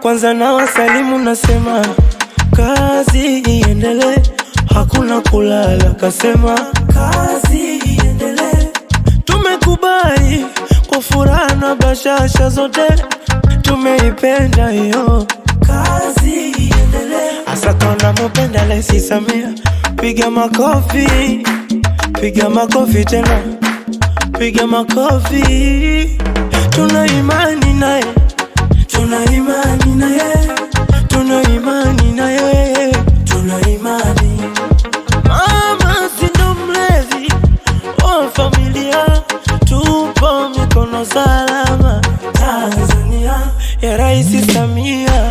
Kwanza na wasalimu nasema kazi iendelee, hakuna kulala. Kasema kazi iendele tumekubali kwa furaha na bashasha zote, tumeipenda hiyo kazi iendele Asa tunamupenda Rais Samia, piga makofi, piga makofi tena, piga makofi, tuna imani na imani na yeye, tuna imani. Mama si ndo mlezi wa oh, familia, tupo mikono salama. Tanzania ya Rais Samia